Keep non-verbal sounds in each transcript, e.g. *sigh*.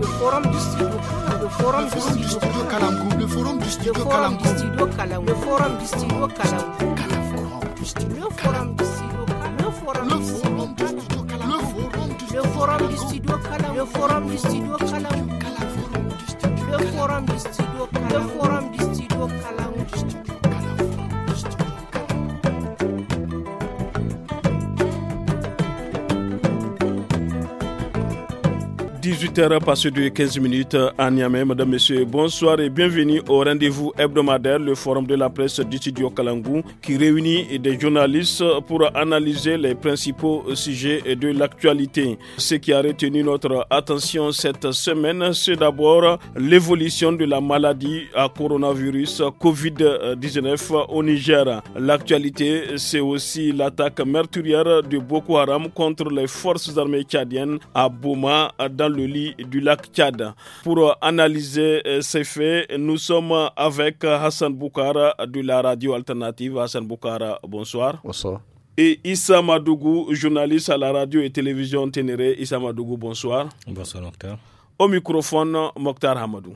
le forum du studio le forum du studio Kalamgou le forum du studio Kalamgou le forum du studio Kalamgou le forum du studio le forum du studio le forum du studio le forum du le forum du studio le forum 18h passé de 15 minutes à Niamey. Madame, Monsieur, bonsoir et bienvenue au rendez-vous hebdomadaire, le forum de la presse du studio Kalangou, qui réunit des journalistes pour analyser les principaux sujets de l'actualité. Ce qui a retenu notre attention cette semaine, c'est d'abord l'évolution de la maladie à coronavirus Covid-19 au Niger. L'actualité, c'est aussi l'attaque meurtrière de Boko Haram contre les forces armées tchadiennes à Bouma dans le du lac Tchad. Pour analyser euh, ces faits, nous sommes avec Hassan Boukara de la radio alternative. Hassan Boukara, bonsoir. Bonsoir. Et Issa Madougou, journaliste à la radio et télévision Ténéré. Issa Madougou, bonsoir. Bonsoir, Mokhtar. Au microphone, Mokhtar Hamadou.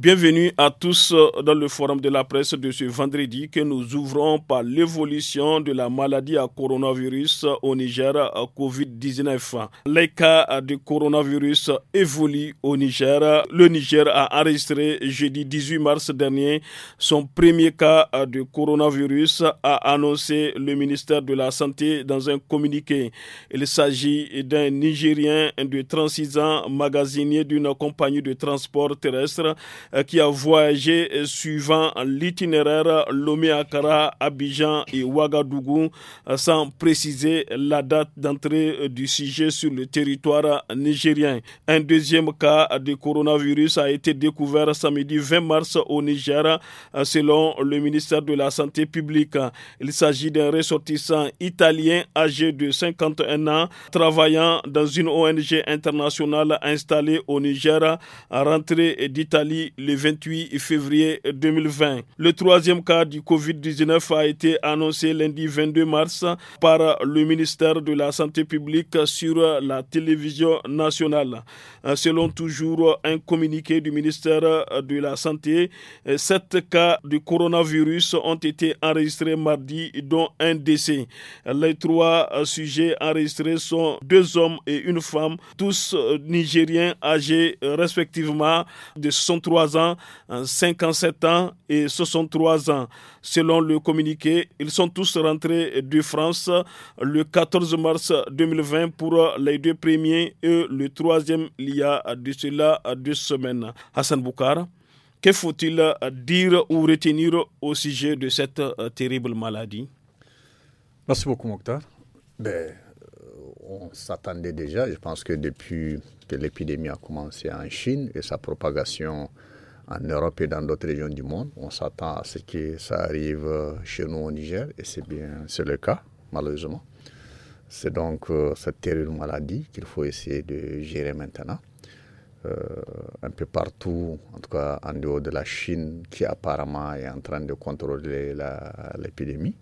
Bienvenue à tous euh, dans le forum de la presse de ce vendredi que nous ouvrons par l'évolution de la maladie à coronavirus au Niger à euh, Covid-19. Les cas euh, de coronavirus évoluent au Niger. Le Niger a enregistré jeudi 18 mars dernier son premier cas de coronavirus, a annoncé le ministère de la Santé dans un communiqué. Il s'agit d'un Nigérien de 36 ans, magasinier d'une compagnie de transport terrestre euh, qui a voyagé euh, suivant l'itinéraire Lomé-Akara, Abidjan et Ouagadougou euh, sans préciser la date d'entrée du sujet sur le territoire nigérien. Un deuxième cas de coronavirus a été découvert samedi 20 mars au Niger selon le ministère de la Santé publique. Il s'agit d'un ressortissant italien âgé de 51 ans travaillant dans une ONG internationale installée au Niger à rentré d'Italie le 28 février 2020. Le troisième cas du Covid-19 a été annoncé lundi 22 mars par le ministère de la Santé publique sur la télévision nationale. Selon toujours un communiqué du ministère de la Santé, sept cas de coronavirus ont été enregistrés mardi, dont un décès. Les trois sujets enregistrés sont deux hommes et une femme, tous nigériens âgés respectivement de 63 ans, 57 euh, ans et 63 ans. Selon le communiqué, ils sont tous rentrés de France le 14 mars 2020 pour les deux premiers et le troisième il y a de cela deux semaines. Hassan Boukar, que faut-il dire ou retenir au sujet de cette euh, terrible maladie Merci beaucoup, Mokhtar. Ben, euh, on s'attendait déjà, je pense que depuis que l'épidémie a commencé en Chine et sa propagation en Europe et dans d'autres régions du monde. On s'attend à ce que ça arrive euh, chez nous au Niger et c'est bien c'est le cas, malheureusement. C'est donc euh, cette terrible maladie qu'il faut essayer de gérer maintenant. Euh, un peu partout, en tout cas en dehors de la Chine, qui apparemment est en train de contrôler l'épidémie.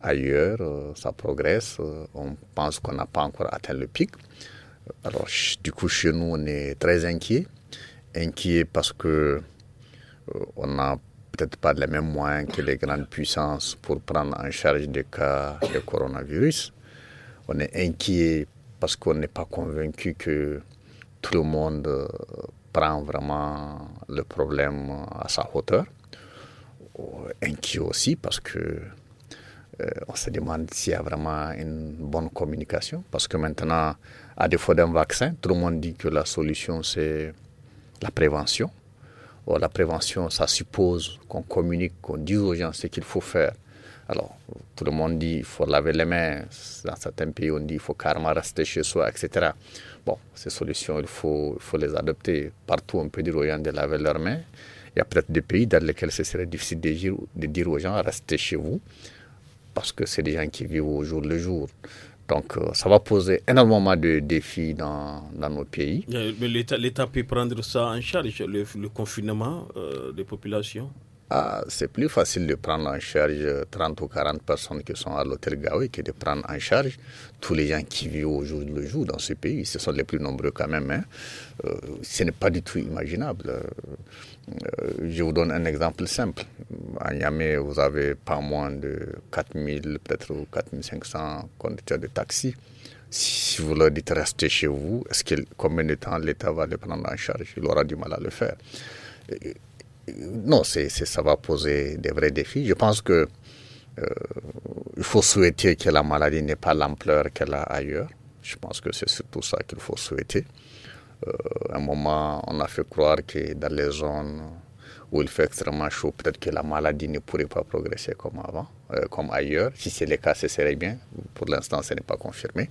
Ailleurs, ça progresse. on pense qu'on n'a pas encore atteint le pic. Alors, du coup, chez nous, on est très inquiet. Inquiet parce que euh, on n'a peut-être pas les mêmes moyens que les grandes puissances pour prendre en charge des cas de coronavirus. On est inquiet parce qu'on n'est pas convaincu que tout le monde euh, prend vraiment le problème à sa hauteur. Euh, inquiet aussi parce que on se demande s'il y a vraiment une bonne communication. Parce que maintenant, à défaut d'un vaccin, tout le monde dit que la solution c'est la prévention la prévention, ça suppose qu'on communique, qu'on dise aux gens ce qu'il faut faire. Alors, tout le monde dit qu'il faut laver les mains. Dans certains pays, on dit qu'il faut carrément rester chez soi, etc. Bon, ces solutions, il faut, les adopter. Partout, on peut dire aux gens de laver leurs mains. Il y a peut-être des pays dans lesquels ce serait difficile de dire, aux gens restez chez vous, parce que c'est des gens qui vivent au jour le jour. Donc, euh, ça va poser énormément de défis dans, nos pays. Euh, mais l'État peut prendre ça en charge, le, confinement euh, des populations ah, c'est plus facile de prendre en charge 30 ou 40 personnes qui sont à l'hôtel Gaoui que de prendre en charge tous les gens qui vivent au jour le jour dans ce pays. Ce sont les plus nombreux quand même. Hein. Euh, ce n'est pas du tout imaginable. Euh, je vous donne un exemple simple. À Yamé, vous avez pas moins de 4000, peut-être 4500 conducteurs de taxi. Si vous leur dites restez chez vous, est-ce que combien de temps l'État va les prendre en charge Il aura du mal à le faire non, ça va poser des vrais défis. Je pense que euh, il faut souhaiter que la maladie n'ait pas l'ampleur qu'elle a ailleurs. Je pense que c'est surtout ça qu'il faut souhaiter. Euh, à un moment, on a fait croire que dans les zones où il fait extrêmement chaud, peut-être que la maladie ne pourrait pas progresser comme avant, euh, comme ailleurs. Si c'est le cas, ce serait bien. Pour l'instant, ce n'est pas confirmé.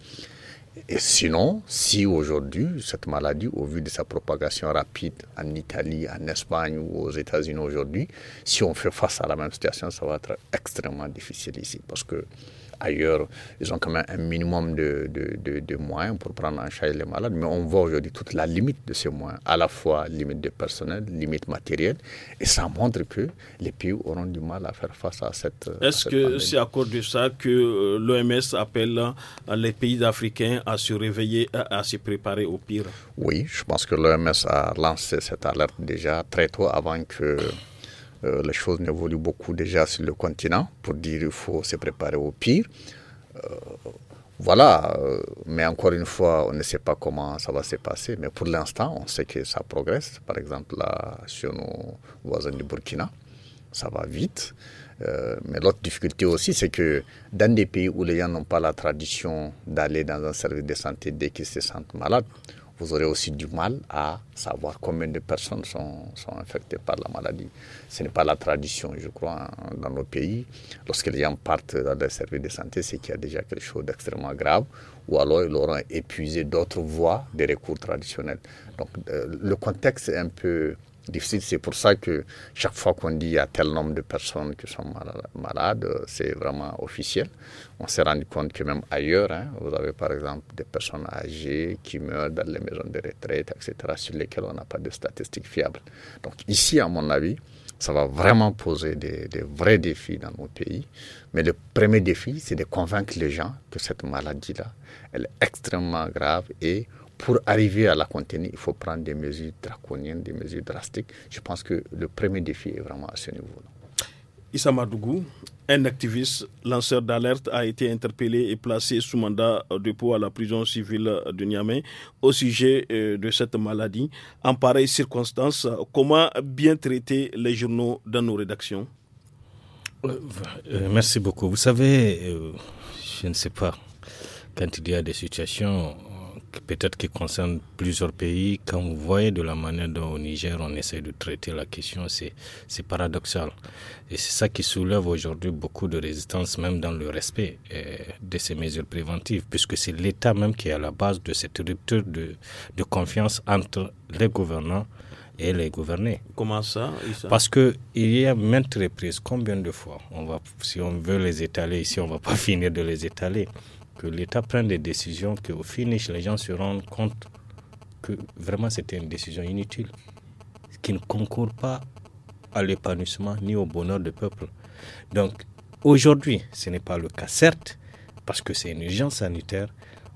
Et sinon, si aujourd'hui, cette maladie, au vu de sa propagation rapide en Italie, en Espagne ou aux États-Unis aujourd'hui, si on fait face à la même situation, ça va être extrêmement difficile ici. Parce que ailleurs, ils ont quand même un minimum de, moyens pour prendre en charge les malades. Mais on voit aujourd'hui toute la limite de ces moyens, à la fois limite de personnel, limite matérielle. Et ça montre que les pays auront du mal à faire face à cette. Est-ce que c'est à cause de ça que euh, l'OMS appelle euh, les pays africains à se réveiller, à se préparer au pire Oui, je pense que l'OMS a lancé cette alerte déjà très tôt avant que euh, les choses évoluent beaucoup déjà sur le continent pour dire qu'il faut se préparer au pire. Euh, voilà, euh, mais encore une fois, on ne sait pas comment ça va se passer, mais pour l'instant, on sait que ça progresse. Par exemple, là, sur nos voisins du Burkina, ça va vite. mais l'autre difficulté aussi, c'est que dans des pays où les gens n'ont pas la tradition d'aller dans un service de santé dès qu'ils se sentent malades, vous aurez aussi du mal à savoir combien de personnes sont, sont infectées par la maladie. Ce n'est pas la tradition, je crois, hein, dans nos pays. Lorsque les gens partent dans les services de santé, c'est qu'il y a déjà quelque chose d'extrêmement grave, ou alors ils auront épuisé d'autres voies des recours traditionnels. Donc euh, le contexte est un peu difficile. C'est pour ça que chaque fois qu'on dit qu'il y a tel nombre de personnes qui sont malades, euh, c'est vraiment officiel. On s'est rendu compte que même ailleurs, hein, vous avez par exemple des personnes âgées qui meurent dans les maisons de retraite, etc., sur lesquelles on n'a pas de statistiques fiables. Donc ici, à mon avis, ça va vraiment poser des, vrais défis dans nos pays. Mais le premier défi, c'est de convaincre les gens que cette maladie-là, elle est extrêmement grave et pour arriver à la contenir, il faut prendre des mesures draconiennes, des mesures drastiques. Je pense que le premier défi est vraiment à ce niveau-là. Issa Madougou, un activiste lanceur d'alerte, a été interpellé et placé sous mandat de dépôt à la prison civile de Niamey au sujet euh, de cette maladie. En pareille circonstance, comment bien traiter les journaux dans nos rédactions euh, euh, Merci beaucoup. Vous savez, je ne sais pas, quand il y a des situations peut-être qui concerne plusieurs pays. Quand vous voyez de la manière dont au Niger on essaie de traiter la question, c'est paradoxal. Et c'est ça qui soulève aujourd'hui beaucoup de résistance, même dans le respect euh, de ces mesures préventives, puisque c'est l'État même qui est à la base de cette rupture de, de confiance entre les gouvernants et les gouvernés. Comment ça, Parce que il y a maintes reprises, combien de fois on va, Si on veut les étaler ici, on ne va pas *laughs* finir de les étaler que l'État prenne des décisions, qu'au finish, les gens se rendent compte que vraiment c'était une décision inutile, qui ne concourt pas à l'épanouissement ni au bonheur du peuple. Donc, aujourd'hui, ce n'est pas le cas, certes, parce que c'est une urgence sanitaire.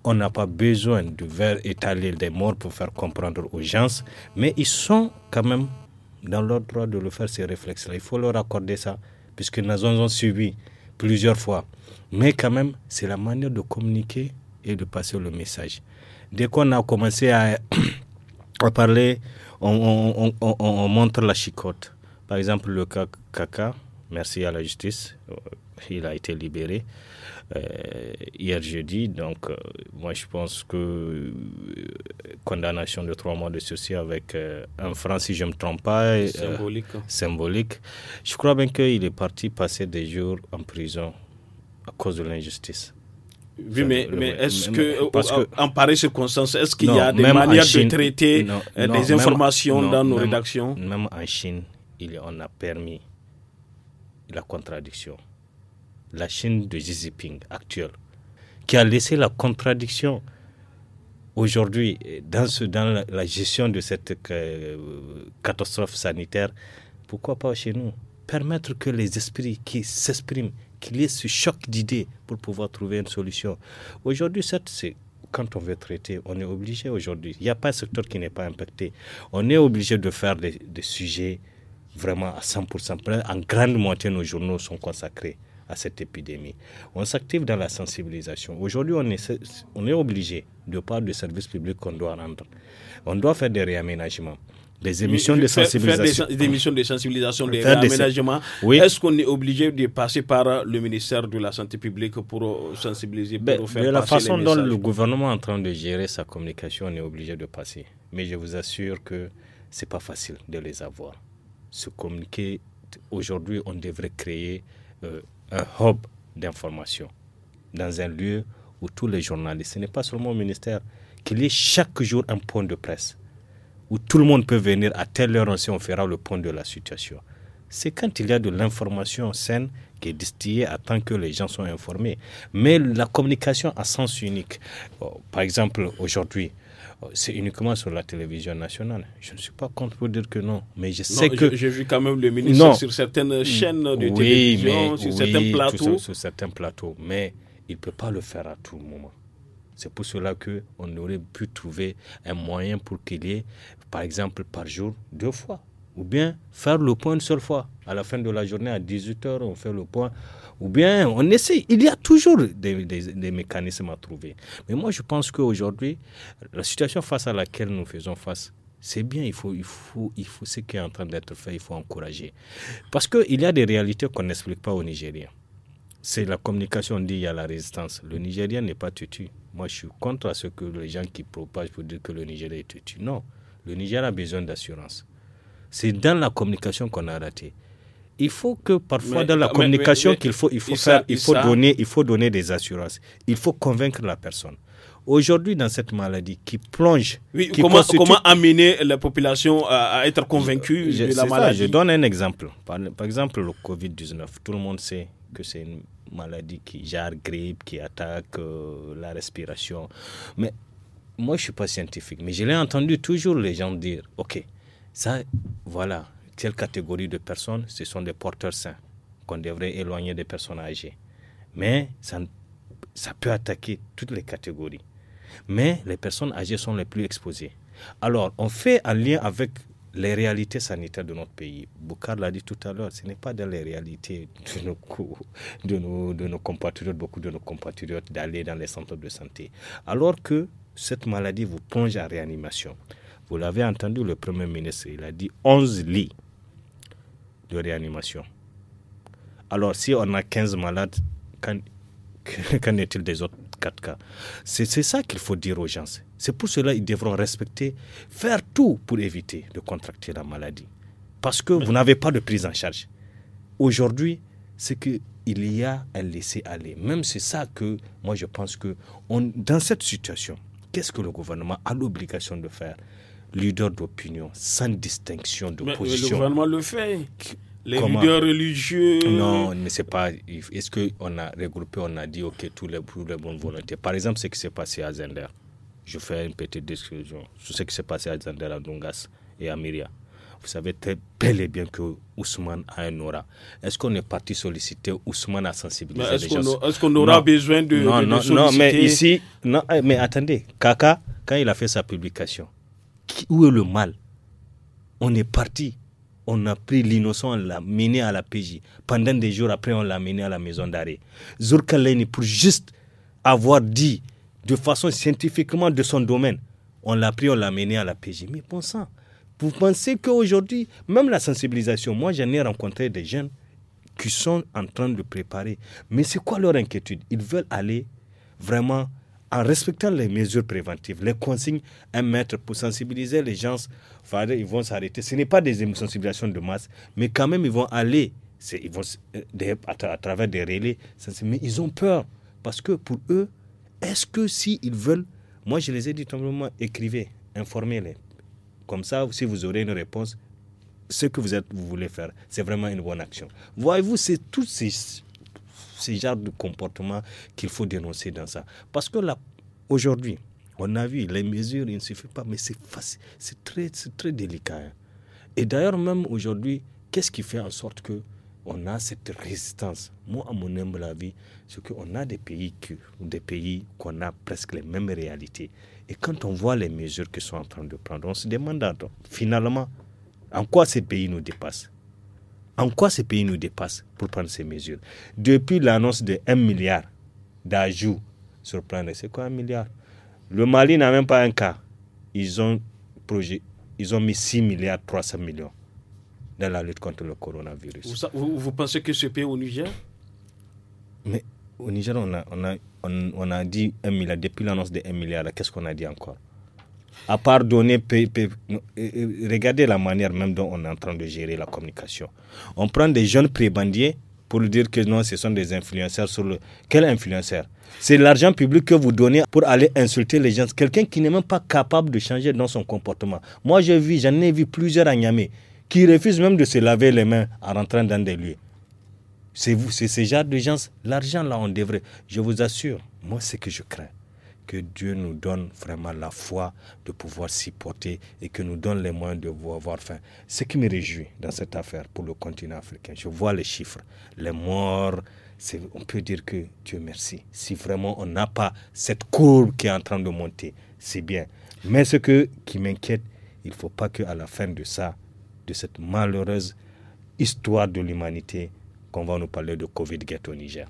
On n'a pas besoin de faire étaler des morts pour faire comprendre aux gens, mais ils sont quand même dans leur droit de le faire, ces réflexes-là. Il faut leur accorder ça, puisque nous avons subi plusieurs fois mais quand même, c'est la manière de communiquer et de passer le message. Dès qu'on a commencé à, *clears throat* parler, on, montre la chicote. Par exemple, le cas Kaka, merci à la justice, euh, il a été libéré euh, hier jeudi. Donc, euh, moi, je pense que condamnation de trois mois de ceci avec un franc, si je ne me trompe pas. symbolique. Hein. symbolique. Je crois bien qu'il est parti passer des jours en prison à cause de l'injustice. mais, mais est-ce que, parce que, en pareille circonstance, est-ce qu'il y a des manières de traiter euh, des informations dans nos rédactions Même en Chine, il, on a permis la contradiction. La Chine de Xi Jinping actuelle, qui a laissé la contradiction aujourd'hui euh, dans, ce, dans la, gestion de cette euh, catastrophe sanitaire, pourquoi pas chez nous Permettre que les esprits qui s'expriment qu'il y ait ce choc d'idées pour pouvoir trouver une solution. Aujourd'hui, c'est quand on veut traiter, on est obligé aujourd'hui. Il n'y a pas un secteur qui n'est pas impacté. On est obligé de faire des, sujets vraiment à 100%. En grande moitié, nos journaux sont consacrés à cette épidémie. On s'active dans la sensibilisation. Aujourd'hui, on est, on est obligé, de part du service public qu'on doit rendre, on doit faire des réaménagements des émissions de sensibilisation. des, émissions de sensibilisation, des Est-ce qu'on est obligé de passer par le ministère de la Santé publique pour euh, sensibiliser, pour ben, la façon dont le gouvernement est en train de gérer sa communication, on est obligé de passer. Mais je vous assure que c'est pas facile de les avoir. Se communiquer, aujourd'hui, on devrait créer euh, un hub d'information dans un lieu où tous les journalistes, ce n'est pas seulement au ministère, qu'il y ait chaque jour un point de presse où tout le monde peut venir à telle heure, on sait, on fera le point de la situation. C'est quand il y a de l'information saine qui est distillée à temps que les gens sont informés. Mais la communication à sens unique, euh, par exemple aujourd'hui, euh, c'est uniquement sur la télévision nationale. Je ne suis pas contre pour dire que non, mais je sais que... J'ai vu quand même le ministre sur certaines mm. chaînes de télévision, sur certains plateaux. sur certains plateaux, mais il ne peut pas le faire à tout moment. C'est pour cela qu'on aurait pu trouver un moyen pour qu'il y ait par exemple par jour, deux fois. Ou bien faire le point une seule fois. À la fin de la journée, à 18h, on fait le point. Ou bien on essaie. Il y a toujours des, mécanismes à trouver. Mais moi, je pense qu'aujourd'hui, la situation face à laquelle nous faisons face, c'est bien, il faut, il faut, il faut ce qui est en train d'être fait, il faut encourager. Parce qu'il y a des réalités qu'on n'explique pas aux Nigériens. C'est la communication, on dit il y a la résistance. Le Nigérien n'est pas tutu. Moi, je suis contre ce que les gens qui propagent pour dire que le Nigérien est tutu. Non. Le Niger a besoin d'assurance. C'est dans la communication qu'on a raté. Il faut que parfois dans la communication qu'il faut, il faut faire, il faut donner, il faut donner des assurances. Il faut convaincre la personne. Aujourd'hui, dans cette maladie qui plonge, oui, qui comment, comment, amener la population à, être convaincue de la maladie Je donne un exemple. Par, exemple, le Covid-19. Tout le monde sait que c'est une maladie qui gère grippe, qui attaque euh, la respiration. Mais moi, je ne suis pas scientifique, mais je l'ai entendu toujours les gens dire, OK, ça, voilà, telle catégorie de personnes, ce sont des porteurs sains qu'on devrait éloigner des personnes âgées. Mais ça, ça peut attaquer toutes les catégories. Mais les personnes âgées sont les plus exposées. Alors, on fait un lien avec les réalités sanitaires de notre pays. Boukhar l'a dit tout à l'heure, ce n'est pas dans les réalités de nos, de nos, de nos compatriotes, beaucoup de nos compatriotes, d'aller dans les centres de santé. Alors que cette maladie vous plonge à réanimation. Vous l'avez entendu, le Premier ministre, il a dit 11 lits de réanimation. Alors si on a 15 malades, *laughs* qu'en est-il des autres 4 cas C'est ça qu'il faut dire aux gens. C'est pour cela qu'ils devront respecter, faire tout pour éviter de contracter la maladie. Parce que vous n'avez pas de prise en charge. Aujourd'hui, c'est qu'il y a un laisser-aller. Même c'est ça que moi je pense que dans cette situation, qu'est-ce que le gouvernement a l'obligation de faire Leader d'opinion, sans distinction de mais Le gouvernement le fait. Les leaders religieux. Non, mais c'est pas. Est-ce qu'on a regroupé, on a dit, OK, tous les, les bonnes volontés Par exemple, ce qui s'est passé à Zender je fais une petite discussion sur ce qui s'est passé à Zandera, Dungas et à Myria. Vous savez très bel et bien que Ousmane a un aura. Est-ce qu'on est parti solliciter Ousmane à sensibiliser les gens Est-ce qu'on aura besoin de, non, non, non, mais ici, non, eh, mais attendez, Kaka, quand il a fait sa publication, où est le mal On est parti, on a pris l'innocent, on l'a mené à la PJ. Pendant des jours après, on l'a mené à la maison d'arrêt. Zurkaleni, pour juste avoir dit de façon scientifiquement de son domaine. On l'a pris, on l'a mené à la PJ. Mais bon sang, vous pensez qu'aujourd'hui, même la sensibilisation, moi j'en ai rencontré des jeunes qui sont en train de préparer. Mais c'est quoi leur inquiétude Ils veulent aller vraiment en respectant les mesures préventives, les consignes, un maître pour sensibiliser les gens. Ils vont s'arrêter. Ce n'est pas des sensibilisations de masse, mais quand même, ils vont aller ils vont, euh, à, travers des relais. Mais ils ont peur parce que pour eux, est-ce que s'ils veulent, moi je les ai dit tout simplement, écrivez, informez-les. Comme ça, si vous aurez une réponse, ce que vous, êtes, vous voulez faire, c'est vraiment une bonne action. Voyez-vous, c'est tous ces, ces genres de comportements qu'il faut dénoncer dans ça. Parce que là, aujourd'hui, on a vu, les mesures, il ne suffit pas, mais c'est facile, c'est très, très délicat. Hein. Et d'ailleurs, même aujourd'hui, qu'est-ce qui fait en sorte que on a cette résistance. Moi, à mon humble avis, c'est qu'on a des pays qui, des pays qu'on a presque les mêmes réalités. Et quand on voit les mesures qu'ils sont en train de prendre, on se demande finalement, en quoi ces pays nous dépassent En quoi ces pays nous dépassent pour prendre ces mesures Depuis l'annonce de 1 milliard d'ajouts sur plan de... C'est quoi un milliard Le Mali n'a même pas un cas. Ils ont, projet, ils ont mis 6 milliards 300 millions dans la lutte contre le coronavirus. Vous, pensez que ce pays au Niger Mais au Niger, on a, on a, a dit 1 milliard. Depuis l'annonce de 1 milliard, qu'est-ce qu'on a dit encore À part donner. regardez la manière même dont on est en train de gérer la communication. On prend des jeunes prébandiers pour lui dire que non, ce sont des influenceurs sur le. Quel influenceur C'est l'argent public que vous donnez pour aller insulter les gens. Quelqu'un qui n'est même pas capable de changer dans son comportement. Moi, j'ai vu, j'en ai vu plusieurs à Niamey qui refusent même de se laver les mains en rentrant dans des lieux. C'est vous, c'est ce genre de gens. L'argent, là, on devrait. Je vous assure, moi, c'est que je crains. Que Dieu nous donne vraiment la foi de pouvoir s'y porter et que nous donne les moyens de avoir faim. Ce qui me réjouit dans cette affaire pour le continent africain, je vois les chiffres, les morts. On peut dire que Dieu merci. Si vraiment on n'a pas cette courbe qui est en train de monter, c'est bien. Mais ce que, qui m'inquiète, il ne faut pas qu'à la fin de ça, de cette malheureuse histoire de l'humanité qu'on va nous parler de covid au Niger.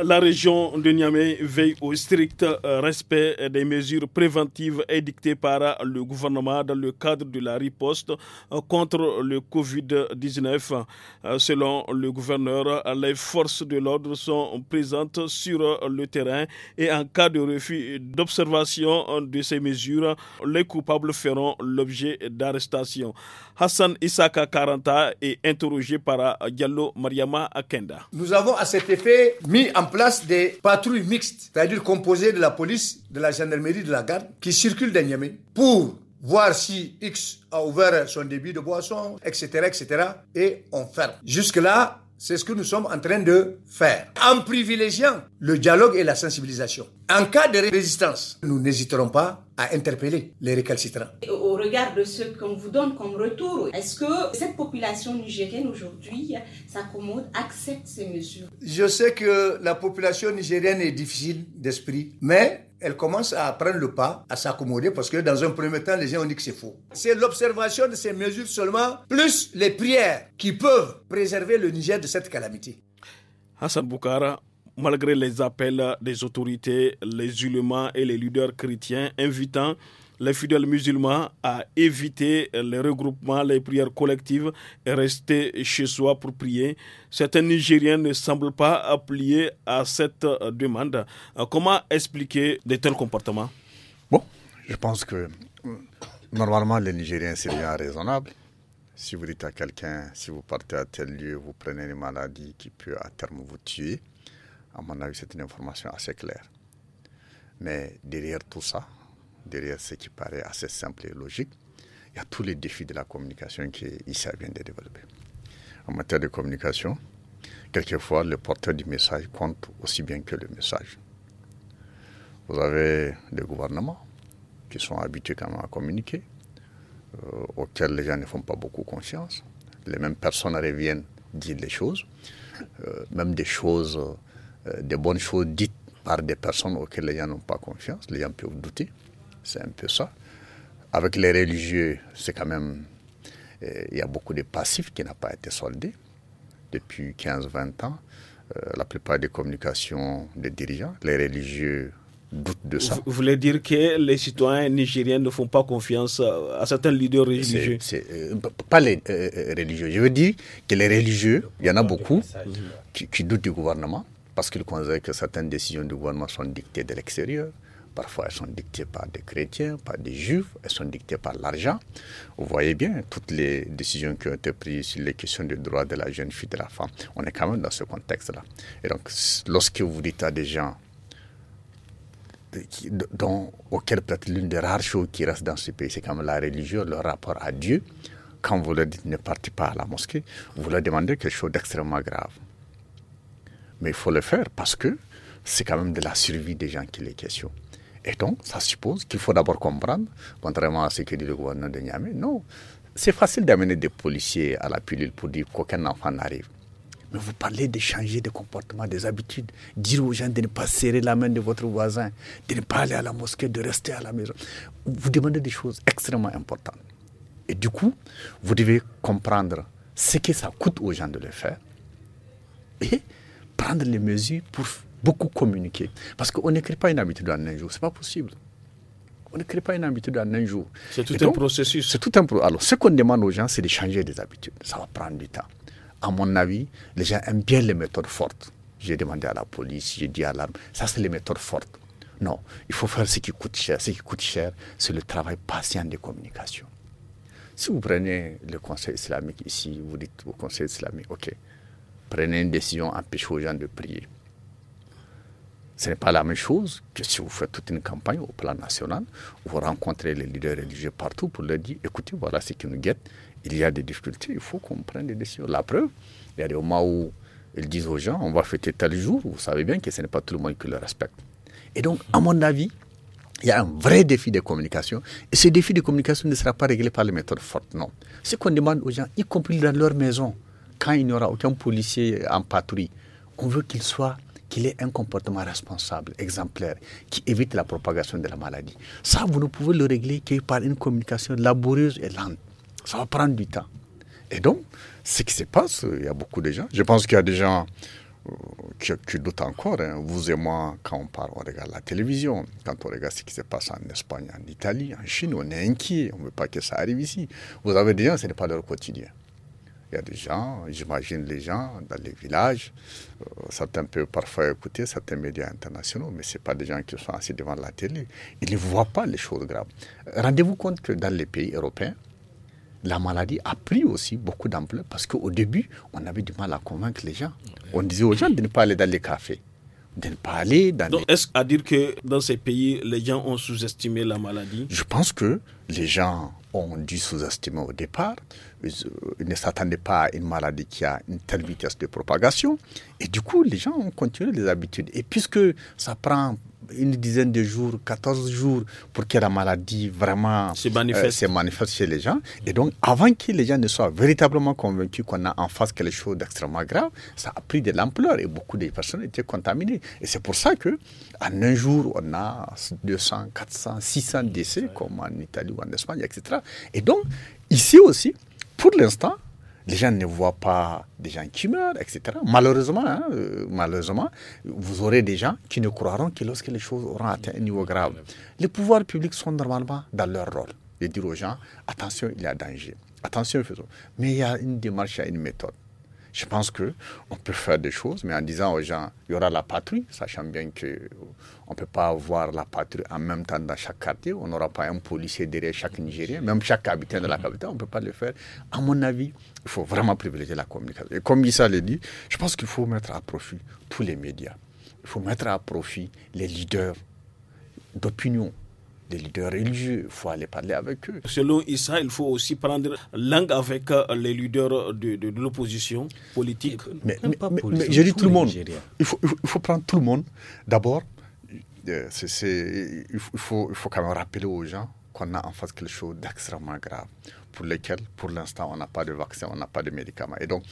La région de Niamey veille au strict euh, respect des mesures préventives édictées par le gouvernement dans le cadre de la riposte euh, contre le Covid-19. Euh, selon le gouverneur, les forces de l'ordre sont présentes sur le terrain et en cas de refus d'observation de ces mesures, les coupables feront l'objet d'arrestations. Hassan Isaka Karanta est interrogé par Diallo Mariama Akenda. Nous avons à cet effet mis en place des patrouilles mixtes, c'est-à-dire composées de la police, de la gendarmerie, de la garde, qui circulent dans Niamey pour voir si X a ouvert son débit de boisson, etc., etc., et on ferme. Jusque-là, c'est ce que nous sommes en train de faire, en privilégiant le dialogue et la sensibilisation. En cas de résistance, nous n'hésiterons pas à interpeller les récalcitrants. Au regard de ce qu'on vous donne comme retour, est-ce que cette population nigérienne aujourd'hui s'accommode, accepte ces mesures Je sais que la population nigérienne est difficile d'esprit, mais elle commence à prendre le pas, à s'accommoder, parce que dans un premier temps, les gens ont dit que c'est faux. C'est l'observation de ces mesures seulement, plus les prières qui peuvent préserver le Niger de cette calamité. Hassan Boukara, malgré les appels des autorités, les ulémas et les leaders chrétiens invitant les fidèles musulmans à éviter les regroupements, les prières collectives et rester chez soi pour prier. Certains Nigériens ne semblent pas appuyer à cette euh, demande. Euh, comment expliquer de tels comportements Bon, je pense que euh, normalement les Nigériens, c'est bien raisonnable. Si vous dites à quelqu'un, si vous partez à tel lieu, vous prenez une maladie qui peut à terme vous tuer, à mon avis, c'est une information assez claire. Mais derrière tout ça, derrière ce qui paraît assez simple et logique, il y a tous les défis de la communication qui ici vient de développer. En matière de communication, quelquefois le porteur du message compte aussi bien que le message. Vous avez des gouvernements qui sont habitués à communiquer, euh, auxquels les gens ne font pas beaucoup confiance. Les mêmes personnes reviennent dire les choses, euh, même des choses, euh, des bonnes choses dites par des personnes auxquelles les gens n'ont pas confiance, les gens peuvent douter. C'est un peu ça. Avec les religieux, c'est quand même. Euh, il y a beaucoup de passifs qui n'ont pas été soldés depuis 15-20 ans. Euh, la plupart des communications des dirigeants, les religieux doutent de ça. Vous, voulez dire que les citoyens nigériens ne font pas confiance euh, à, certains leaders religieux Pas les religieux. Je veux dire que les religieux, il y en a beaucoup qui, qui doutent du gouvernement parce qu'ils considèrent que certaines décisions du gouvernement sont dictées de l'extérieur Parfois, elles sont dictées par des chrétiens, par des juifs, elles sont dictées par l'argent. Vous voyez bien toutes les décisions qui ont été prises sur les questions du droit de la jeune fille, de la femme. On est quand même dans ce contexte-là. Et donc, lorsque vous dites à des gens dont, auxquels peut-être l'une des rares choses qui reste dans ce pays, c'est quand même la religion, le rapport à Dieu, quand vous leur dites ne partez pas à la mosquée, vous leur demandez quelque chose d'extrêmement grave. Mais il faut le faire parce que c'est quand même de la survie des gens qui les questionnent et donc, ça suppose qu'il faut d'abord comprendre, contrairement à ce que dit le gouverneur de Niamey, non, c'est facile d'amener des policiers à la pilule pour dire qu'aucun enfant n'arrive. Mais vous parlez de changer de comportement, des habitudes, dire aux gens de ne pas serrer la main de votre voisin, de ne pas aller à la mosquée, de rester à la maison. Vous demandez des choses extrêmement importantes. Et du coup, vous devez comprendre ce que ça coûte aux gens de le faire et prendre les mesures pour beaucoup communiquer. Parce qu'on ne crée pas une habitude en un jour, ce n'est pas possible. On ne crée pas une habitude en un jour. C'est tout, un processus. C'est tout un Alors, ce qu'on demande aux gens, c'est de changer des habitudes. Ça va prendre du temps. À mon avis, les gens aiment bien les méthodes fortes. J'ai demandé à la police, j'ai dit à l'arme. Ça, c'est les méthodes fortes. Non, il faut faire ce qui coûte cher. Ce qui coûte cher, c'est le travail patient de communication. Si vous prenez le Conseil islamique ici, vous dites au Conseil islamique, OK, prenez une décision, empêchez aux gens de prier. Ce n'est pas la même chose que si vous faites toute une campagne au plan national, vous rencontrez les leaders religieux partout pour leur dire écoutez, voilà ce qui nous guette, il y a des difficultés, il faut qu'on prenne des décisions. La preuve, il y a des moments où ils disent aux gens on va fêter tel jour, vous savez bien que ce n'est pas tout le monde qui le respecte. Et donc, à mon avis, il y a un vrai défi de communication. Et ce défi de communication ne sera pas réglé par les méthodes fortes, non. Ce qu'on demande aux gens, y compris dans leur maison, quand il n'y aura aucun policier en patrouille, on veut qu'ils soient qu'il ait un comportement responsable, exemplaire, qui évite la propagation de la maladie. Ça, vous ne pouvez le régler que par une communication laborieuse et lente. Ça va prendre du temps. Et donc, ce qui se passe, il y a beaucoup de gens. Je pense qu'il y a des gens euh, qui, doutent encore. Hein. Vous et moi, quand on parle, on regarde la télévision. Quand on regarde ce qui se passe en Espagne, en Italie, en Chine, on est inquiet. On ne veut pas que ça arrive ici. Vous avez des gens, ce n'est pas leur quotidien. Il y a des gens, j'imagine les gens dans les villages. Euh, certains peuvent parfois écouter certains médias internationaux, mais ce pas des gens qui sont assis devant la télé. Ils ne voient pas les choses graves. Rendez-vous compte que dans les pays européens, la maladie a pris aussi beaucoup d'ampleur parce qu'au début, on avait du mal à convaincre les gens. On disait aux gens de ne pas aller dans les cafés de ne Donc, est-ce à dire que dans ces pays, les gens ont sous-estimé la maladie Je pense que les gens ont dû sous-estimer au départ. Euh, ils ne s'attendaient pas à une maladie qui a une telle vitesse de propagation. Et du coup, les gens ont continué les habitudes. Et puisque ça prend une dizaine de jours, 14 jours, pour que la maladie vraiment euh, se manifeste, chez les gens. Et donc, avant que les gens ne soient véritablement convaincus qu'on a en face quelque chose d'extrêmement grave, ça a pris de l'ampleur et beaucoup de personnes étaient contaminées. Et c'est pour ça que en un jour, on a 200, 400, 600 décès, comme en Italie ou en Espagne, etc. Et donc, ici aussi, pour l'instant, les gens ne voient pas des gens qui meurent, etc. Malheureusement, hein, euh, malheureusement, vous aurez des gens qui ne croiront que lorsque les choses auront atteint un niveau grave. Les pouvoirs publics sont normalement dans leur rôle de dire aux gens, attention, il y a danger, attention, faisons. Mais il y a une démarche, il y a une méthode. Je pense que on peut faire des choses, mais en disant aux gens, il y aura la patrie, sachant bien que on ne peut pas avoir la patrie en même temps dans chaque quartier. On n'aura pas un policier derrière chaque Nigérien, même chaque habitant de la mm-hmm. capitale. On ne peut pas le faire. À mon avis, il faut vraiment privilégier la communication. Et comme Issa l'a dit, je pense qu'il faut mettre à profit tous les médias. Il faut mettre à profit les leaders d'opinion les leaders religieux. Il faut aller parler avec eux. Selon Issa, il faut aussi prendre langue avec euh, les leaders de, l'opposition politique. Mais, mais, mais, mais je dis tout le monde. il faut prendre tout le monde d'abord il, faut, il faut quand même rappeler aux gens qu'on a en face quelque chose d'extrêmement grave, pour lequel, pour l'instant, on n'a pas de vaccin, on n'a pas de médicaments. Et donc,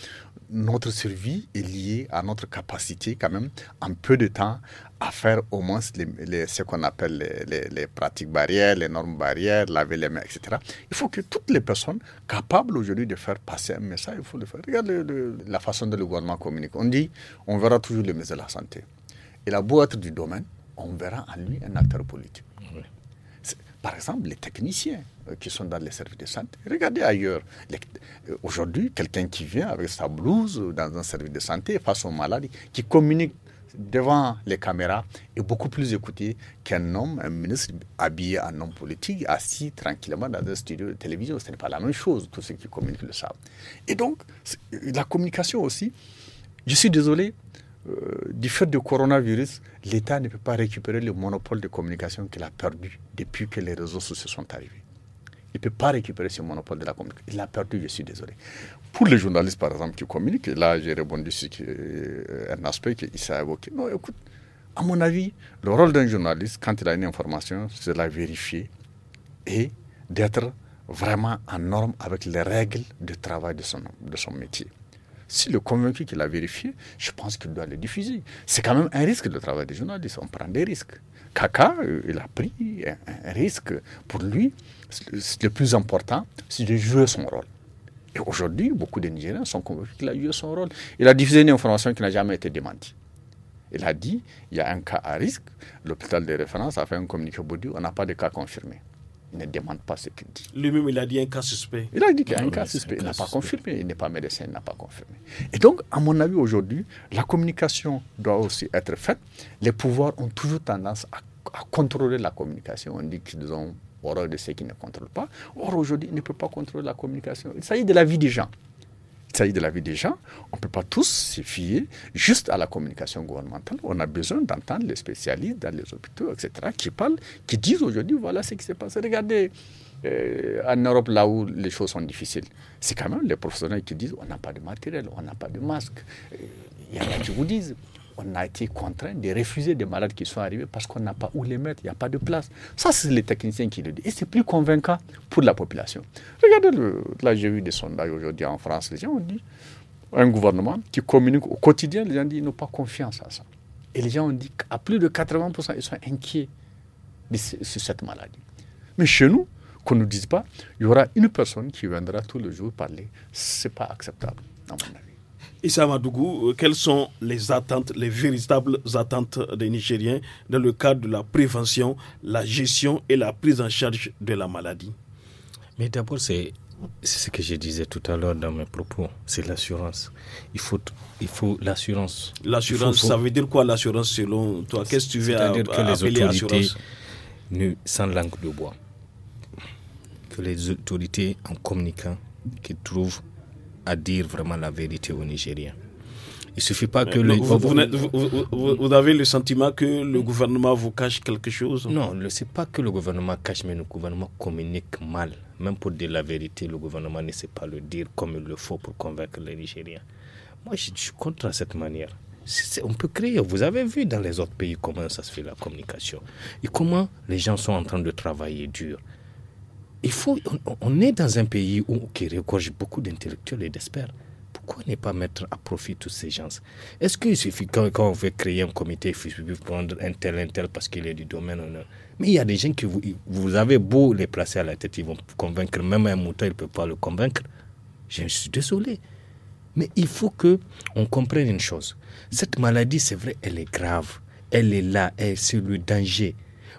notre survie est liée à notre capacité, quand même, en peu de temps, à faire au moins ce qu'on appelle les, pratiques barrières, les normes barrières, laver les mains, etc. Il faut que toutes les personnes capables aujourd'hui de faire passer un message, il faut le faire. Regarde la façon dont le gouvernement communique. On dit, on verra toujours le ministre de la Santé. Et la boîte du domaine, on verra en lui un acteur politique. Par exemple, les techniciens euh, qui sont dans les services de santé, regardez ailleurs. Euh, aujourd'hui, quelqu'un qui vient avec sa blouse dans un service de santé face aux malade qui communique devant les caméras est beaucoup plus écouté qu'un homme, un ministre habillé en homme politique, assis tranquillement dans un studio de télévision. Ce n'est pas la même chose, tous ceux qui communiquent le savent. Et donc, la communication aussi, je suis désolé, euh, du fait du coronavirus, l'État ne peut pas récupérer le monopole de communication qu'il a perdu depuis que les réseaux sociaux sont arrivés. Il ne peut pas récupérer ce monopole de la communication. Il l'a perdu, je suis désolé. Pour les journalistes, par exemple, qui communiquent, là, j'ai répondu sur euh, un aspect qu'il s'est évoqué. Non, écoute, à mon avis, le rôle d'un journaliste, quand il a une information, c'est de la vérifier et d'être vraiment en norme avec les règles de travail de son, de son métier. S'il est convaincu qu'il a vérifié, je pense qu'il doit le diffuser. C'est quand même un risque de travail des journalistes. On prend des risques. Kaka, euh, il a pris un risque. Pour lui, le plus important, c'est de jouer son rôle. Et aujourd'hui, beaucoup de Nigériens sont convaincus qu'il a joué son rôle. Il a diffusé une information qui n'a jamais été démentie. Il a dit il y a un cas à risque. L'hôpital de référence a fait un communiqué au Baudu on n'a pas de cas confirmés il ne demande pas ce qu'il dit. Lui-même, il a dit un cas suspect. Il a dit qu'il y a un ah cas suspect. il n'a pas confirmé. Il n'est pas médecin, il n'a pas confirmé. Et donc, à mon avis, aujourd'hui, la communication doit aussi être faite. Les pouvoirs ont toujours tendance à, contrôler la communication. On dit qu'ils ont horreur de ceux qui ne contrôlent pas. Or, aujourd'hui, ils ne peuvent pas contrôler la communication. Il s'agit de la vie des gens il s'agit de la vie des gens. On ne peut pas tous se fier juste à la communication gouvernementale. On a besoin d'entendre les spécialistes dans les hôpitaux, etc., qui parlent, qui disent aujourd'hui, voilà ce qui s'est passé. Regardez, euh, en Europe, là où les choses sont difficiles, c'est quand même les professionnels qui disent, on n'a pas de matériel, on n'a pas de masque. Euh, il y en a qui vous disent, on a été contraint de refuser des malades qui sont arrivés parce qu'on n'a pas où les mettre, il n'y a pas de place. Ça, c'est les techniciens qui le disent. Et c'est plus convaincant pour la population. Regardez, là, j'ai eu des sondages aujourd'hui en France. Les gens ont dit, un gouvernement qui communique au quotidien, les gens disent, ils n'ont pas confiance à ça. Et les gens ont dit qu'à plus de 80%, ils sont inquiets de cette maladie. Mais chez nous, qu'on ne nous dise pas, il y aura une personne qui viendra tous les jours parler. Ce n'est pas acceptable, dans mon avis. Issa Madougou, euh, quelles sont les attentes, les véritables attentes des Nigériens dans le cadre de la prévention, la gestion et la prise en charge de la maladie Mais d'abord, c'est ce que je disais tout à l'heure dans mes propos, c'est l'assurance. Il faut, il faut l'assurance. L'assurance, ça veut dire quoi l'assurance selon toi Qu'est-ce que tu veux à, dire que les autorités ne, sans langue de bois, que les autorités en communiquant, qu'ils trouvent à dire vraiment la vérité aux Nigériens. Il suffit pas que euh, le. Vous, avez le sentiment que le hmm. gouvernement vous cache quelque chose Non, ce n'est pas que le gouvernement cache, mais le gouvernement communique mal. Même pour dire la vérité, le gouvernement ne sait pas le dire comme il le faut pour convaincre les Nigériens. Moi, je suis contre cette manière. on peut créer. Vous avez vu dans les autres pays comment ça se fait la communication et comment les gens sont en train de travailler dur il faut, on, est dans un pays où, qui regorge beaucoup d'intellectuels et d'espères. Pourquoi ne pas mettre à profit tous ces gens Est-ce qu'il suffit, quand, on veut créer un comité, il faut prendre un tel, un tel parce qu'il est du domaine Mais il y a des gens que vous, avez beau les placer à la tête, ils vont convaincre. Même un mouton, il ne peut pas le convaincre. Je suis désolé. Mais il faut que on comprenne une chose. Cette maladie, c'est vrai, elle est grave. Elle est là, elle, c'est le danger.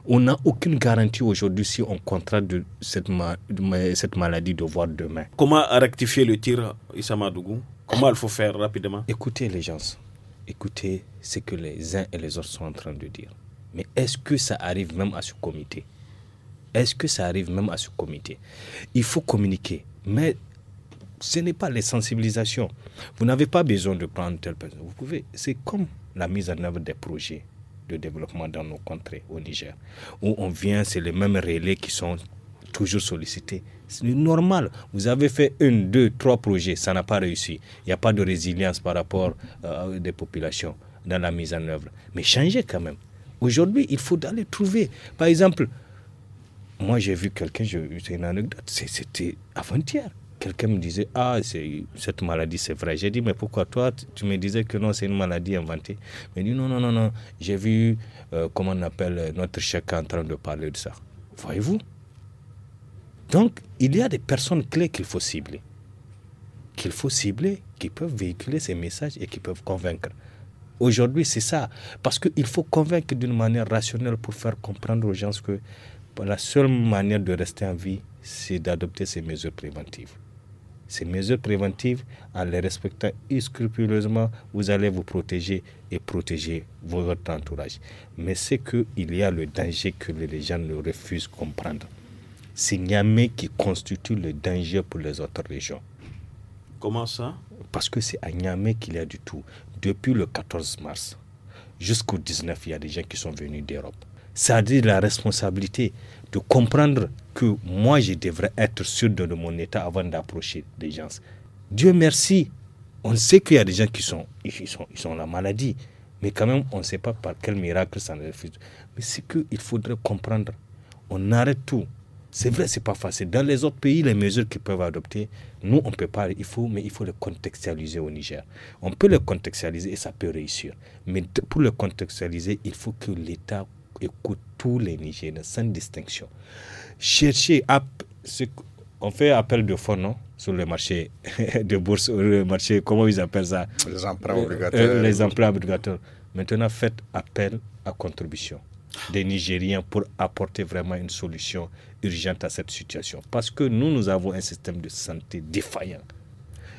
On n'a aucune garantie aujourd'hui si on contracte cette, maladie de voir demain. Comment rectifier le tir, Issa Dougou? Comment il faut faire rapidement Écoutez les gens, écoutez ce que les uns et les autres sont en train de dire. Mais est-ce que ça arrive même à ce comité Est-ce que ça arrive même à ce comité Il faut communiquer, mais ce n'est pas les sensibilisations. Vous n'avez pas besoin de prendre telle personne. Vous pouvez, c'est comme la mise en œuvre des projets de développement dans nos contrées au Niger. Où on vient, c'est les mêmes relais qui sont toujours sollicités. C'est normal. Vous avez fait une, deux, trois projets, ça n'a pas réussi. Il n'y a pas de résilience par rapport aux euh, des populations dans la mise en œuvre. Mais changez quand même. Aujourd'hui, il faut aller trouver. Par exemple, moi j'ai vu quelqu'un, c'est une anecdote, c'était avant-hier quelqu'un me disait Ah, cette maladie, c'est vrai. J'ai dit Mais pourquoi toi, tu me disais que non, c'est une maladie inventée Il m'a dit Non, non, non, non. J'ai vu, euh, comment on appelle, euh, notre chèque en train de parler de ça. Voyez-vous Donc, il y a des personnes clés qu'il faut cibler. Qu'il faut cibler, qui peuvent véhiculer ces messages et qui peuvent convaincre. Aujourd'hui, c'est ça. Parce qu'il faut convaincre d'une manière rationnelle pour faire comprendre aux gens que la seule manière de rester en vie, c'est d'adopter ces mesures préventives ces mesures préventives, en les respectant scrupuleusement, vous allez vous protéger et protéger votre entourage. Mais c'est qu'il y a le danger que les gens ne refusent de comprendre. C'est Niamey qui constitue le danger pour les autres régions. Comment ça Parce que c'est à Niamey qu'il y a du tout. Depuis le 14 mars jusqu'au 19, il y a des gens qui sont venus d'Europe. Ça à dit la responsabilité de comprendre que moi, je devrais être sûr de mon état avant d'approcher des gens. Dieu merci, on sait qu'il y a des gens qui sont, ils sont, ils sont la maladie, mais quand même, on ne sait pas par quel miracle ça ne refuse. Mais c'est qu'il faudrait comprendre. On arrête tout. C'est vrai, c'est pas facile. Dans les autres pays, les mesures qu'ils peuvent adopter, nous, on ne peut pas. Il faut, mais il faut le contextualiser au Niger. On peut le contextualiser et ça peut réussir. Mais pour le contextualiser, il faut que l'État écoute tous les Nigériens sans distinction. Cherchez, à, on fait appel de fonds, non sur le marché *laughs* de bourse, sur euh, le marché, comment ils appellent ça Les emprunts euh, obligatoires. Euh, les emprunts obligatoires. Maintenant, faites appel à contribution des Nigériens pour apporter vraiment une solution urgente à cette situation. Parce que nous, nous avons un système de santé défaillant.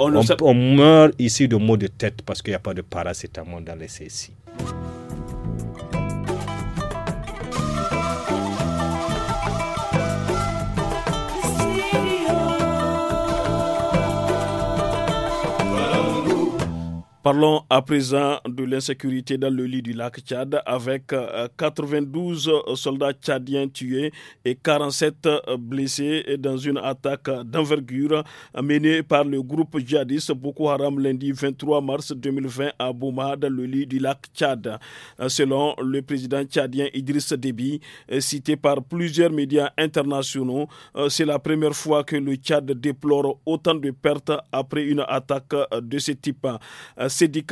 On, on meurt ici de maux de tête parce qu'il n'y a pas de paracétamol dans les CSI. Parlons à présent de l'insécurité dans le lit du lac Tchad avec 92 euh, euh, soldats tchadiens tués et 47 euh, blessés dans une attaque d'envergure menée par le groupe djihadiste Boko Haram lundi 23 mars 2020 à Bouma dans le lit du lac Tchad. Selon le président tchadien Idriss Déby, cité par plusieurs médias internationaux, c'est la première fois que le Tchad déplore autant de pertes après une attaque de ce type Sedi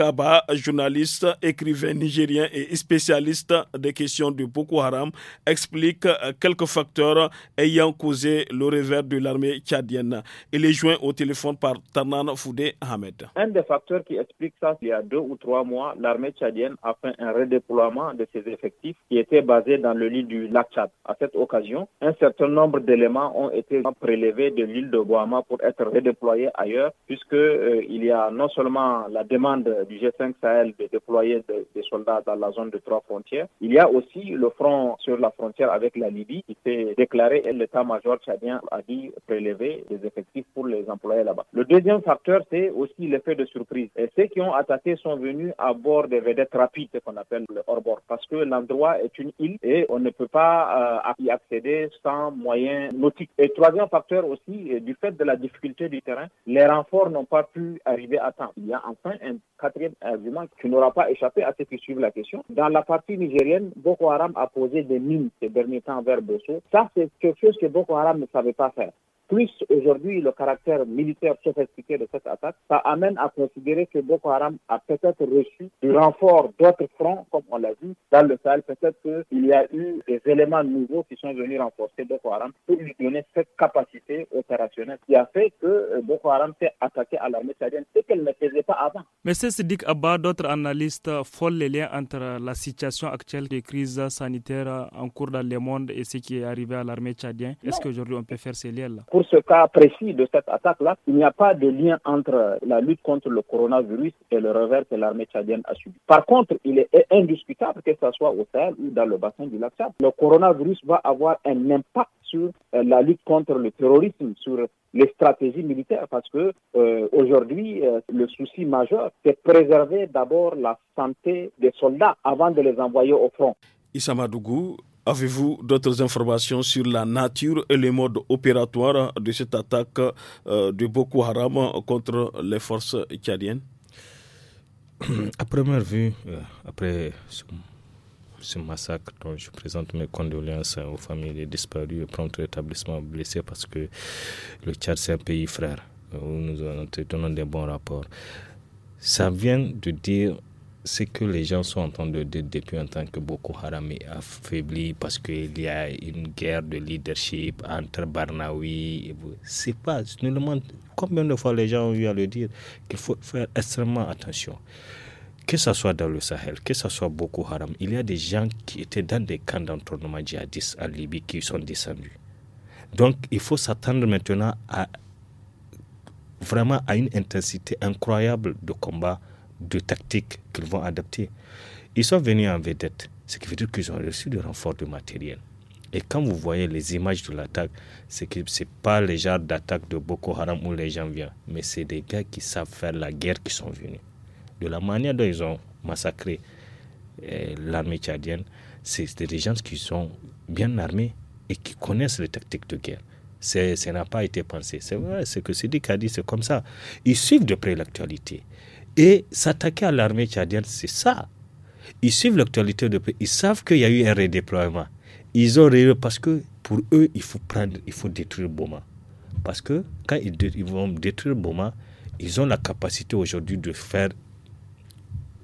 journaliste, écrivain nigérien et spécialiste des questions du Boko Haram, explique euh, quelques facteurs ayant causé le revers de l'armée tchadienne. Il est joint au téléphone par tanan Foudé Ahmed. Un des facteurs qui explique ça, il y a deux ou trois mois, l'armée tchadienne a fait un redéploiement de ses effectifs qui étaient basés dans le lit du lac Tchad. À cette occasion, un certain nombre d'éléments ont été prélevés de l'île de Boama pour être redéployés ailleurs, puisque euh, il y a non seulement la demande du G5 Sahel de déployer des soldats dans la zone de trois frontières. Il y a aussi le front sur la frontière avec la Libye qui s'est déclaré et l'état-major tchadien a dit prélever des effectifs pour les employés là-bas. Le deuxième facteur, c'est aussi l'effet de surprise. Et ceux qui ont attaqué sont venus à bord des vedettes rapides qu'on appelle le hors-bord parce que l'endroit est une île et on ne peut pas euh, y accéder sans moyens nautiques. Et troisième facteur aussi, du fait de la difficulté du terrain, les renforts n'ont pas pu arriver à temps. Il y a enfin un quatrième argument qui n'aura pas échappé à ceux qui suivent la question. Dans la partie nigérienne, Boko Haram a posé des mines ces derniers temps vers Bosso. Ça, c'est quelque chose que Boko Haram ne savait pas faire plus aujourd'hui le caractère militaire sophistiqué de cette attaque, ça amène à considérer que Boko Haram a peut-être reçu du renfort d'autres fronts, comme on l'a vu dans le Sahel. Peut-être qu'il y a eu des éléments nouveaux qui sont venus renforcer Boko Haram pour lui donner cette capacité opérationnelle qui a fait que euh, Boko Haram s'est attaqué à l'armée tchadienne, ce qu'elle ne faisait pas avant. Mais c'est Sidik Abba, d'autres analystes font les liens entre la situation actuelle des crises sanitaires en cours dans le monde et ce qui est arrivé à l'armée tchadienne. Est-ce qu'aujourd'hui on peut faire ces liens-là pour ce cas précis de cette attaque-là, il n'y a pas de lien entre la lutte contre le coronavirus et le revers que l'armée tchadienne a subi. Par contre, il est indiscutable que ce soit au Sahel ou dans le bassin du lac Tchad, le coronavirus va avoir un impact sur euh, la lutte contre le terrorisme, sur les stratégies militaires, parce que euh, aujourd'hui, euh, le souci majeur, c'est préserver d'abord la santé des soldats avant de les envoyer au front. Issa Avez-vous d'autres informations sur la nature et les modes opératoires de cette attaque euh, de Boko Haram contre les forces tchadiennes À première vue, euh, après ce, massacre, dont je présente mes condoléances aux familles des disparus et prompt rétablissement établissements blessés parce que le Tchad, c'est un pays frère euh, où nous tenons des bons rapports. Ça vient de dire ce que les gens sont en train de dire depuis un temps que Boko Haram est affaibli parce qu'il y a une guerre de leadership entre Barnawi et C'est pas, je me demande combien de fois les gens ont eu à le dire qu'il faut faire extrêmement attention. Que ce soit dans le Sahel, que ce soit Boko Haram, il y a des gens qui étaient dans des camps d'entraînement djihadistes en Libye qui sont descendus. Donc il faut s'attendre maintenant à vraiment à une intensité incroyable de combat de tactique qu'ils vont adapter. Ils sont venus en vedette, ce qui veut dire qu'ils ont reçu du renfort de matériel. Et quand vous voyez les images de l'attaque, que ce n'est pas le genre d'attaque de Boko Haram où les gens viennent, mais c'est des gars qui savent faire la guerre qui sont venus. De la manière dont ils ont massacré eh, l'armée tchadienne, c'est des gens qui sont bien armés et qui connaissent les tactiques de guerre. Ça n'a pas été pensé. C'est vrai, ce que Sidi a dit, c'est comme ça. Ils suivent de près l'actualité. Et s'attaquer à l'armée tchadienne, c'est ça. Ils suivent l'actualité de Ils savent qu'il y a eu un redéploiement. Ils ont réussi parce que pour eux, il faut prendre, il faut détruire Boma. Parce que quand ils, vont détruire Boma, ils ont la capacité aujourd'hui de faire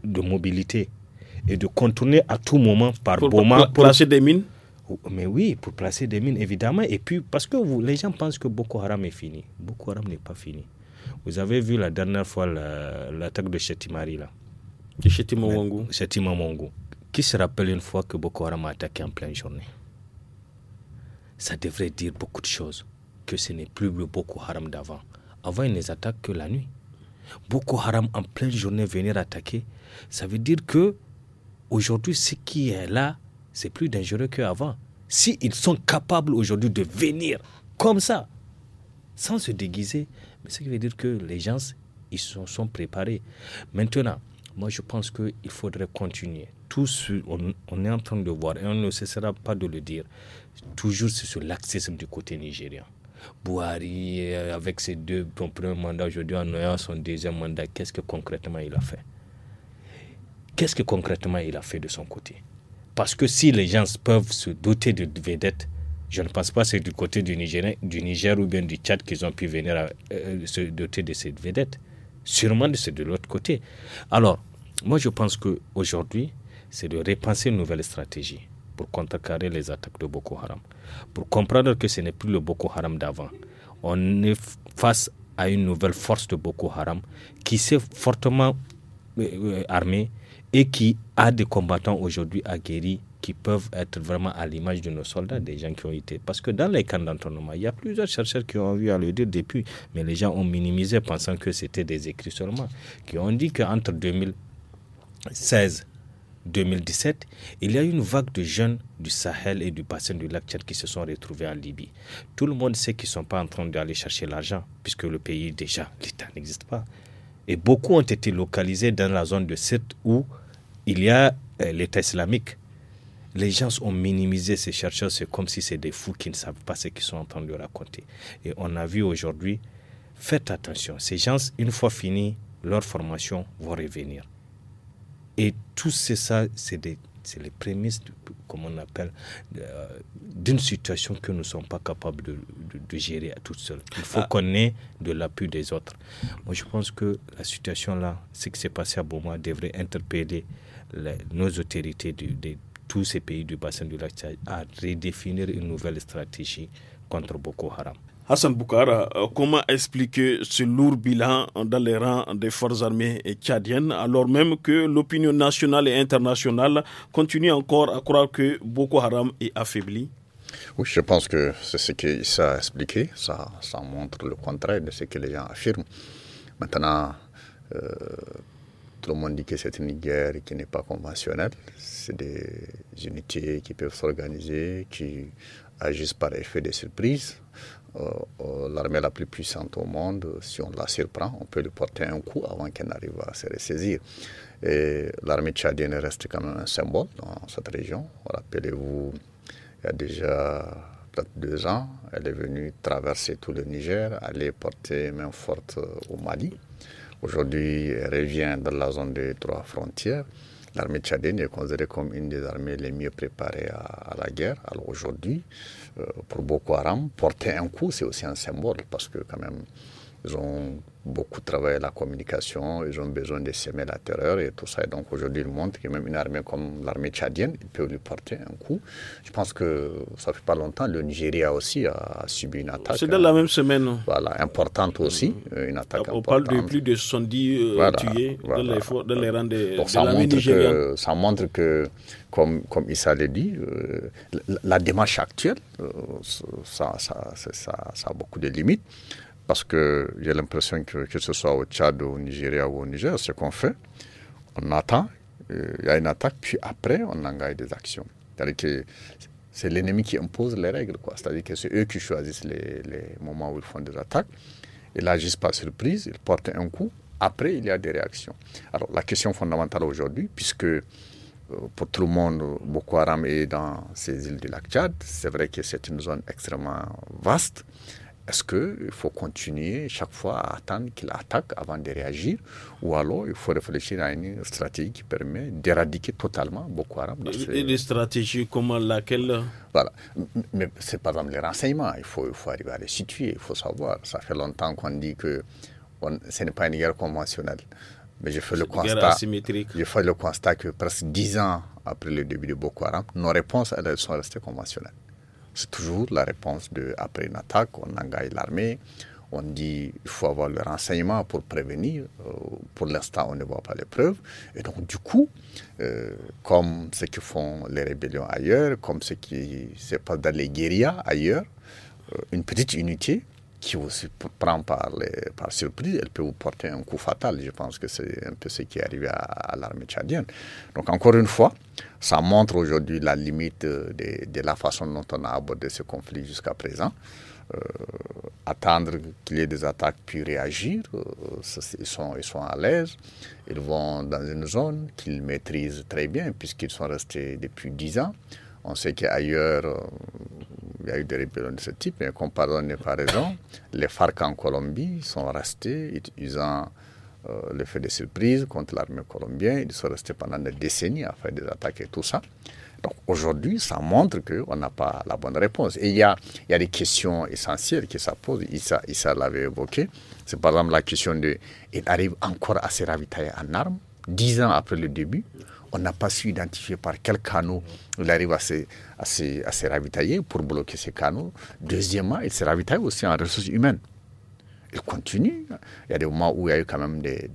de mobilité et de contourner à tout moment par Boma. Pour, placer des mines oh, Mais oui, pour placer des mines, évidemment. Et puis, parce que vous, les gens pensent que Boko Haram est fini. Boko Haram n'est pas fini. Vous avez vu la dernière fois l'attaque de Chetimari là. De Chetimamongo. Chetimamongo. Qui se rappelle une fois que Boko Haram a attaqué en pleine journée Ça devrait dire beaucoup de choses. Que ce n'est plus le Boko Haram d'avant. Avant, ils les attaque que la nuit. Boko Haram en pleine journée venir attaquer, ça veut dire que aujourd'hui, ce qui est là, c'est plus dangereux qu'avant. S'ils sont capables aujourd'hui de venir comme ça, sans se déguiser, mais ce qui veut dire que les gens, ils sont, préparés. Maintenant, moi, je pense qu'il faudrait continuer. Tout ce, on, est en train de voir, et on ne cessera pas de le dire, toujours c'est sur l'axisme du côté nigérien. Bouhari, euh, avec ses deux, son premier mandat aujourd'hui, en ayant son deuxième mandat, qu'est-ce que concrètement il a fait Qu'est-ce que concrètement il a fait de son côté Parce que si les gens peuvent se doter de vedettes, je ne pense pas que c'est du côté du Niger, du Niger ou bien du Tchad qu'ils ont pu venir à, euh, se doter de cette vedette. Sûrement c'est de l'autre côté. Alors, moi je pense qu'aujourd'hui, c'est de repenser une nouvelle stratégie pour contrecarrer les attaques de Boko Haram. Pour comprendre que ce n'est plus le Boko Haram d'avant. On est face à une nouvelle force de Boko Haram qui s'est fortement euh, euh, armée et qui a des combattants aujourd'hui aguerris qui peuvent être vraiment à l'image de nos soldats, des gens qui ont été. Parce que dans les camps d'entraînement, il y a plusieurs chercheurs qui ont vu à le dire depuis, mais les gens ont minimisé pensant que c'était des écrits seulement, qui ont dit qu'entre 2016 2017, il y a eu une vague de jeunes du Sahel et du bassin du lac Tchad qui se sont retrouvés en Libye. Tout le monde sait qu'ils ne sont pas en train d'aller chercher l'argent, puisque le pays, déjà, l'État n'existe pas. Et beaucoup ont été localisés dans la zone de Sète où il y a euh, l'État islamique les gens ont minimisé ces chercheurs, c'est comme si c'est des fous qui ne savent pas ce qu'ils sont en train de raconter. Et on a vu aujourd'hui, faites attention, ces gens, une fois fini leur formation, vont revenir. Et tout ça, c'est c'est les prémices, comme on appelle, euh, d'une situation que nous ne sommes pas capables de, gérer à toute seule. Il faut ah. qu'on ait de l'appui des autres. Moi, je pense que la situation là, ce qui s'est passé à Beaumont, devrait interpeller nos autorités du, tous ces pays du bassin du lac Tchad à redéfinir une nouvelle stratégie contre Boko Haram. Hassan Boukara, euh, comment expliquer ce lourd bilan dans les rangs des forces armées tchadiennes alors même que l'opinion nationale et internationale continue encore à croire que Boko Haram est affaibli Oui, je pense que c'est ce que ça a expliqué. Ça, montre le contraire de ce que les gens affirment. Maintenant, euh, le monde dit que c'est une guerre qui n'est pas conventionnelle. C'est des unités qui peuvent s'organiser, qui agissent par effet de surprise. Euh, euh, l'armée la plus puissante au monde, si on la surprend, on peut lui porter un coup avant qu'elle n'arrive à se ressaisir. Et l'armée tchadienne reste quand même un symbole dans cette région. Rappelez-vous, il y a déjà peut-être deux ans, elle est venue traverser tout le Niger, aller porter main forte au Mali. Aujourd'hui, revient dans la zone des trois frontières. L'armée tchadienne est considérée comme une des armées les mieux préparées à, la guerre. Alors aujourd'hui, euh, pour Boko Haram, porter un coup, c'est aussi un symbole parce que quand même, ils ont beaucoup travaillé la communication, ils ont besoin de semer la terreur et tout ça. Et donc aujourd'hui, ils montrent que même une armée comme l'armée tchadienne, peut lui porter un coup. Je pense que ça fait pas longtemps, le Nigeria aussi a subi une attaque. C'est dans la hein. même semaine. Hein. Voilà, importante aussi, mm-hmm. une attaque On parle de plus de 70 euh, tués dans, les, les rangs de, donc, l'armée nigérienne. ça montre que, comme, comme Issa euh, l'a dit, la, démarche actuelle, euh, ça, ça, ça a beaucoup de limites parce que j'ai l'impression que, que ce soit au Tchad, au Nigeria ou au Niger, ce qu'on fait, on attend, euh, il y a une attaque, puis après, on engage des actions. C'est-à-dire que c'est l'ennemi qui impose les règles, quoi. C'est-à-dire que c'est eux qui choisissent les, moments où ils font des attaques. Ils agissent par surprise, ils portent un coup, après, il y a des réactions. Alors, la question fondamentale aujourd'hui, puisque euh, pour tout le monde, Boko Haram est dans ces îles du lac Tchad, c'est vrai que c'est une zone extrêmement vaste. Est-ce qu'il faut continuer chaque fois à attendre qu'il attaque avant de réagir Ou alors il faut réfléchir à une stratégie qui permet d'éradiquer totalement Boko Haram une stratégie comment laquelle Voilà. Mais c'est pas exemple les renseignements. Il faut, il faut arriver à les situer, il faut savoir. Ça fait longtemps qu'on dit que ce n'est pas une guerre conventionnelle. Mais je fais le constat. Je fais le constat que presque dix ans après le début de Boko Haram, nos réponses elles sont restées conventionnelles. C'est toujours la réponse de après une attaque, on engage l'armée, on dit il faut avoir le renseignement pour prévenir. Euh, pour l'instant, on ne voit pas les preuves. Et donc, du coup, euh, comme ce que font les rébellions ailleurs, comme ce qui se passe dans les guérillas ailleurs, euh, une petite unité qui vous prend par, par surprise, elle peut vous porter un coup fatal. Je pense que c'est un peu ce qui est arrivé à, l'armée tchadienne. Donc encore une fois, ça montre aujourd'hui la limite euh, de, la façon dont on a abordé ce conflit jusqu'à présent. Euh, attendre qu'il y ait des attaques puis réagir, euh, sont, ils sont à l'aise, ils vont dans une zone qu'ils maîtrisent très bien puisqu'ils sont restés depuis dix ans. On sait qu'ailleurs, euh, il y a eu des rébellions de ce type, mais qu'on pardonne pas raison. Les FARC en Colombie sont restés utilisant ont euh, de surprise contre l'armée colombienne. Ils sont restés pendant des décennies à faire des attaques et tout ça. Donc aujourd'hui, ça montre qu'on n'a pas la bonne réponse. Et il y a, des questions essentielles qui ça pose. Issa, l'avait évoqué. C'est par exemple la question de il arrive encore à se ravitailler en armes, dix ans après le début on n'a pas su identifier par quel canot il arrive à se, ravitailler pour bloquer ces canaux. Deuxièmement, il se ravitaille aussi en ressources humaines. Il continue. Il y a des moments où il y a eu quand même des,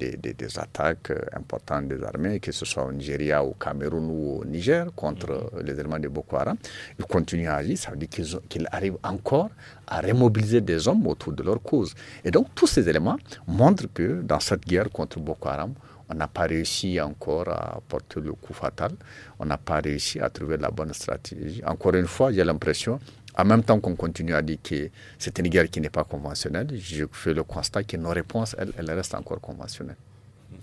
attaques euh, importantes des armées, que ce soit au Nigeria, au Cameroun ou au Niger, contre mhm. les éléments de Boko Haram. Il continue à agir. Ça veut dire qu'ils arrive arrivent encore à remobiliser des hommes autour de leur cause. Et donc, tous ces éléments montrent que dans cette guerre contre Boko Haram, on n'a pas réussi encore à porter le coup fatal. On n'a pas réussi à trouver la bonne stratégie. Encore une fois, j'ai l'impression, en même temps qu'on continue à dire que c'est une guerre qui n'est pas conventionnelle, je fais le constat que nos réponses, elles, elles restent encore conventionnelles.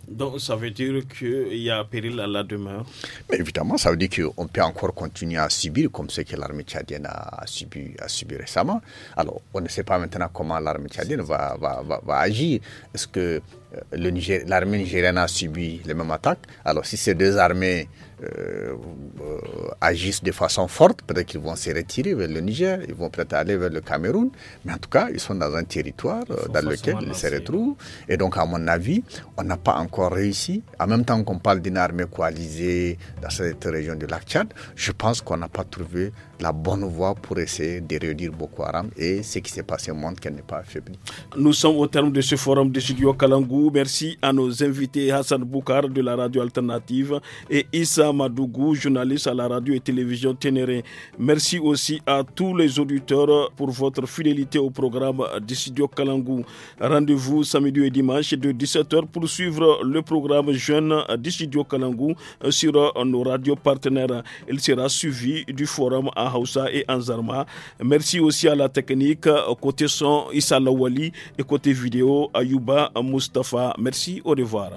Donc ça veut dire qu'il y a péril à la demeure Mais évidemment, ça veut dire qu'on peut encore continuer à subir comme ce que l'armée tchadienne a subi, a subi récemment. Alors, on ne sait pas maintenant comment l'armée tchadienne va, va, va, va agir. Est-ce que euh, l'armée nigérienne a subi les mêmes attaques. Alors si ces deux armées euh, euh, agissent de façon forte, peut-être qu'ils vont se retirer vers le Niger, ils vont peut-être aller vers le Cameroun, mais en tout cas, ils sont dans un territoire dans lequel ils se retrouvent. Et donc, à mon avis, on n'a pas encore réussi. En même temps qu'on parle d'une armée coalisée dans cette région du lac Tchad, je pense qu'on n'a pas trouvé la bonne voie pour essayer de réduire Boko Haram et ce qui s'est passé montre qu'elle n'est pas affaiblie. Nous sommes au terme de ce forum de Studio Kalangou. Merci à nos invités Hassan Boukar de la radio alternative et Issa Madougou, journaliste à la radio et télévision Ténéré. Merci aussi à tous les auditeurs pour votre fidélité au programme de Studio Kalangou. Rendez-vous samedi et dimanche de 17h pour suivre le programme Jeune de Studio Kalangou sur nos radios partenaires. Il sera suivi du forum à Hausa et Anzarma. Merci aussi à la technique, côté son Issa Lawali et côté vidéo Ayuba Mustafa. Merci, au revoir.